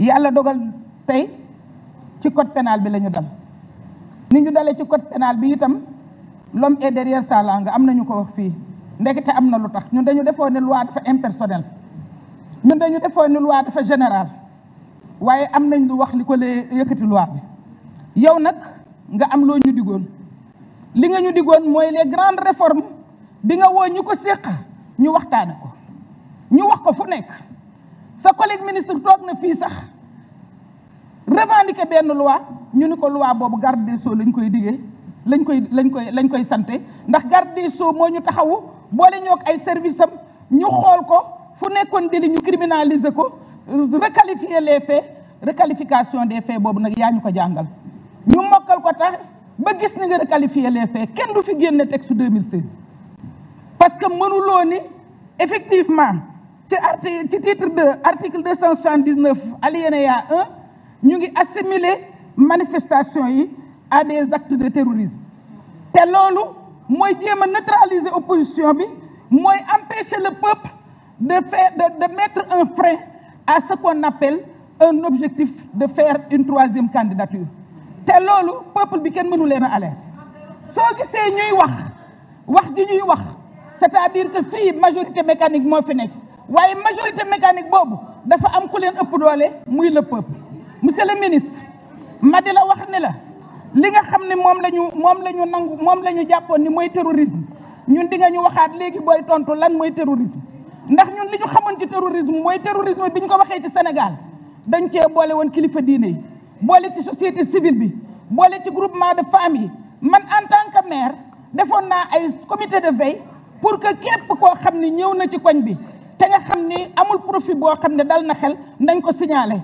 yàlla dogal tey ci code pénal bi lañu ñu dal ni ñu dalee ci code pénal bi itam l'homme est derrière sa langue am na ñu ko wax fii ndekete am na lu tax ñun dañu defoon ne loi dafa impersonnel ñun dañu defoon ne loi dafa général waaye am nañ lu wax li ko lee yëkkati loi bi yow nag nga am loo ñu diggoon li nga ñu diggoon mooy les grandes réformes bi nga woo ñu ko séq ñu waxtaane ko ñu wax ko fu nekk sa collègue ministre toog na fii sax revendiquer benn loi ñu ni ko loi boobu garde de so lañ koy diggee lañ koy lañ koy lañ koy sante ndax garde des sceaux moo ñu taxawu boole ñoo ay service am ñu xool ko fu nekkoon délit ñu criminaliser ko requalifier les faits requalification des faits boobu nag yaa ñu ko jàngal ñu mokkal ko tax ba gis ni nga requalifier les faits kenn du fi génne texte 2016 parce que mënuloo ni effectivement ci arti ci titre 2 article 279 alinéa 1 ñu ngi assimiler manifestation yi à des actes de terrorisme te loolu mooy jéem a neutraliser opposition bi mooy empêcher le peuple de faire de de mettre un frein à ce qu'on appelle un objectif de faire une troisième candidature te loolu peuple bi kenn mënu leen a alerte soo gisee ñuy wax wax ji ñuy wax c'est-à-dire que fii majorité mécanique moo fi nekk waaye majorité mécanique boobu dafa am ku leen ëpp doole muy le peuple monsieur le ministre ma di la wax ni la li nga xam ni moom la ñu moom la ñu nangu moom la ñu jàppoon ni mooy terrorisme ñun di nga ñu waxaat léegi booy tontu lan mooy terrorisme ndax ñun li ñu xamoon ci terrorisme mooy terrorisme bi ñu ko waxee ci senegal dañ cee boole woon kilifa diine yi boole ci société civile bi boole ci groupement de femmes yi man en tant que maire defoon naa ay comité de veille pour que képp koo xam ne ñëw na ci koñ bi te nga xam ni amul profit boo xam ne dal na xel nañ ko signaler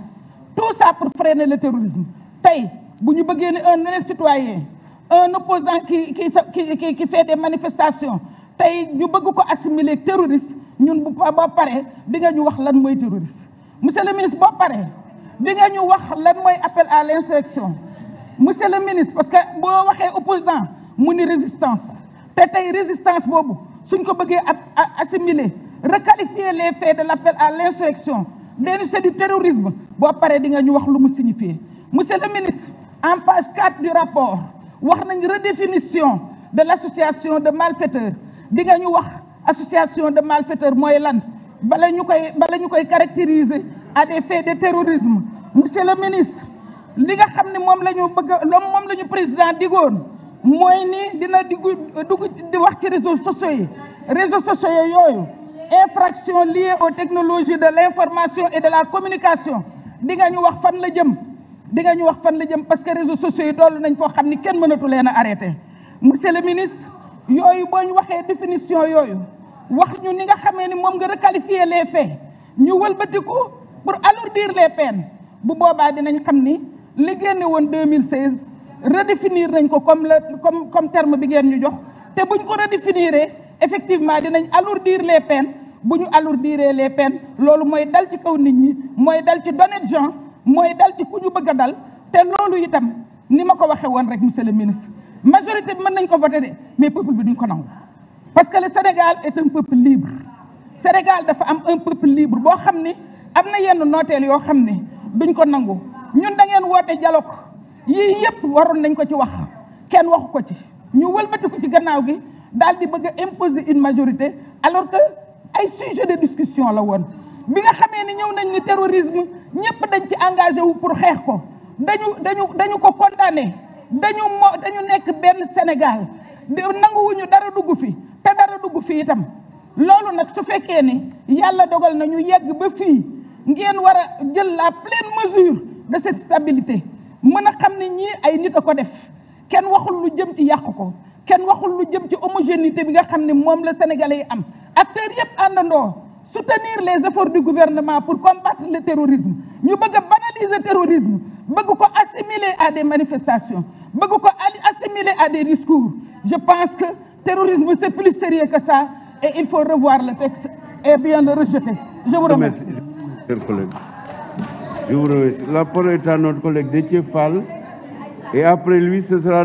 tout ça pour freiner le terrorisme tey bu ñu bëggee ne un honnête citoyen un opposant qui qui qui qui fait des manifestations tey ñu bëgg ko assimiler terroriste ñun bu boo paree di nga ñu wax lan mooy terroriste monsieur le ministre boo paree di nga ñu wax lan mooy appel à l'insurrection monsieur le ministre parce que boo waxee opposant mu ni résistance te tey résistance boobu suñ ko bëggee assimiler requalifier les faits de l' appel à l' insurrection dénoncer du terrorisme boo paree di nga ñu wax lu mu signifier monsieur le ministre en page 4 du rapport wax nañ redéfinition de l' association de malfaiteurs di nga ñu wax association de malfaiteurs mooy lan bala ñu koy bala ñu koy caractériser à des faits de terrorisme monsieur le ministre li nga xam ne moom la ñu bëgg loolu moom la ñu président digoon mooy ni dina dugg dugg di wax ci réseaux sociaux yi réseaux sociaux yooyu infraction liée aux technologies de l'information et de la communication di nga ñu wax fan la jëm di nga ñu wax fan la jëm parce que réseau sociaux yi dollu nañ foo xam ni kenn mënatu leen a arrêté monsieur le ministre yooyu boo ñu waxee définition yooyu wax ñu ni nga xamee ni moom nga requalifier les faits ñu wëlbatiku pour alourdir les peines bu boobaa dinañ xam ni li génne woon 2016 redéfinir nañ ko comme le comme comme terme bi ngeen ñu jox te buñ ko redéfiniré effectivement dinañ alourdir les peines bu ñu alourdiree les pen loolu mooy dal ci kaw nit ñi mooy dal ci d'honnêtes gens mooy dal ci ku ñu bëgg a dal te loolu itam ni ma ko waxee woon rek monsieur le ministre majorité bi mën nañ ko voter de mais peuple bi duñ ko nangu parce que le Sénégal et un pëpp libre Sénégal dafa am un peuple libre boo xam ni am na yenn nooteel yoo xam ni duñ ko nangu ñun da ngeen woote ko yii yëpp waroon nañ ko ci wax kenn waxu ko ci ñu wëlbati ko ci gannaaw gi daal di bëgg imposé une majorité alors que ay sujet de discussion la woon bi nga xamee ni ñëw nañ ni terrorisme ñëpp dañ ci engagé wu pour xeex ko dañu dañu dañu ko kontaane dañu mo dañu nekk benn Sénégal nanguwuñu dara dugg fi te dara dugg fi itam loolu nag su fekkee ni yàlla dogal na ñu yegg ba fii ngeen war a jël la pleine mesure de cette stabilité mën a xam ni ñii ay nit a ko def kenn waxul lu jëm ci yàq ko kenn waxul lu jëm ci homogénéité bi nga xam ne moom la sénégalais am acteurs yëpp àndandoo soutenir les efforts du gouvernement pour combattre le terrorisme ñu bëgg a terrorisme bëgg ko assimiler à des manifestations bëgg ko assimiler à des discours je pense que terrorisme c'est plus sérieux que ça et il faut revoir le texte et bien le rejeter je vous remercie. Je vous remercie. La parole est à notre collègue Détier Fall et après lui ce sera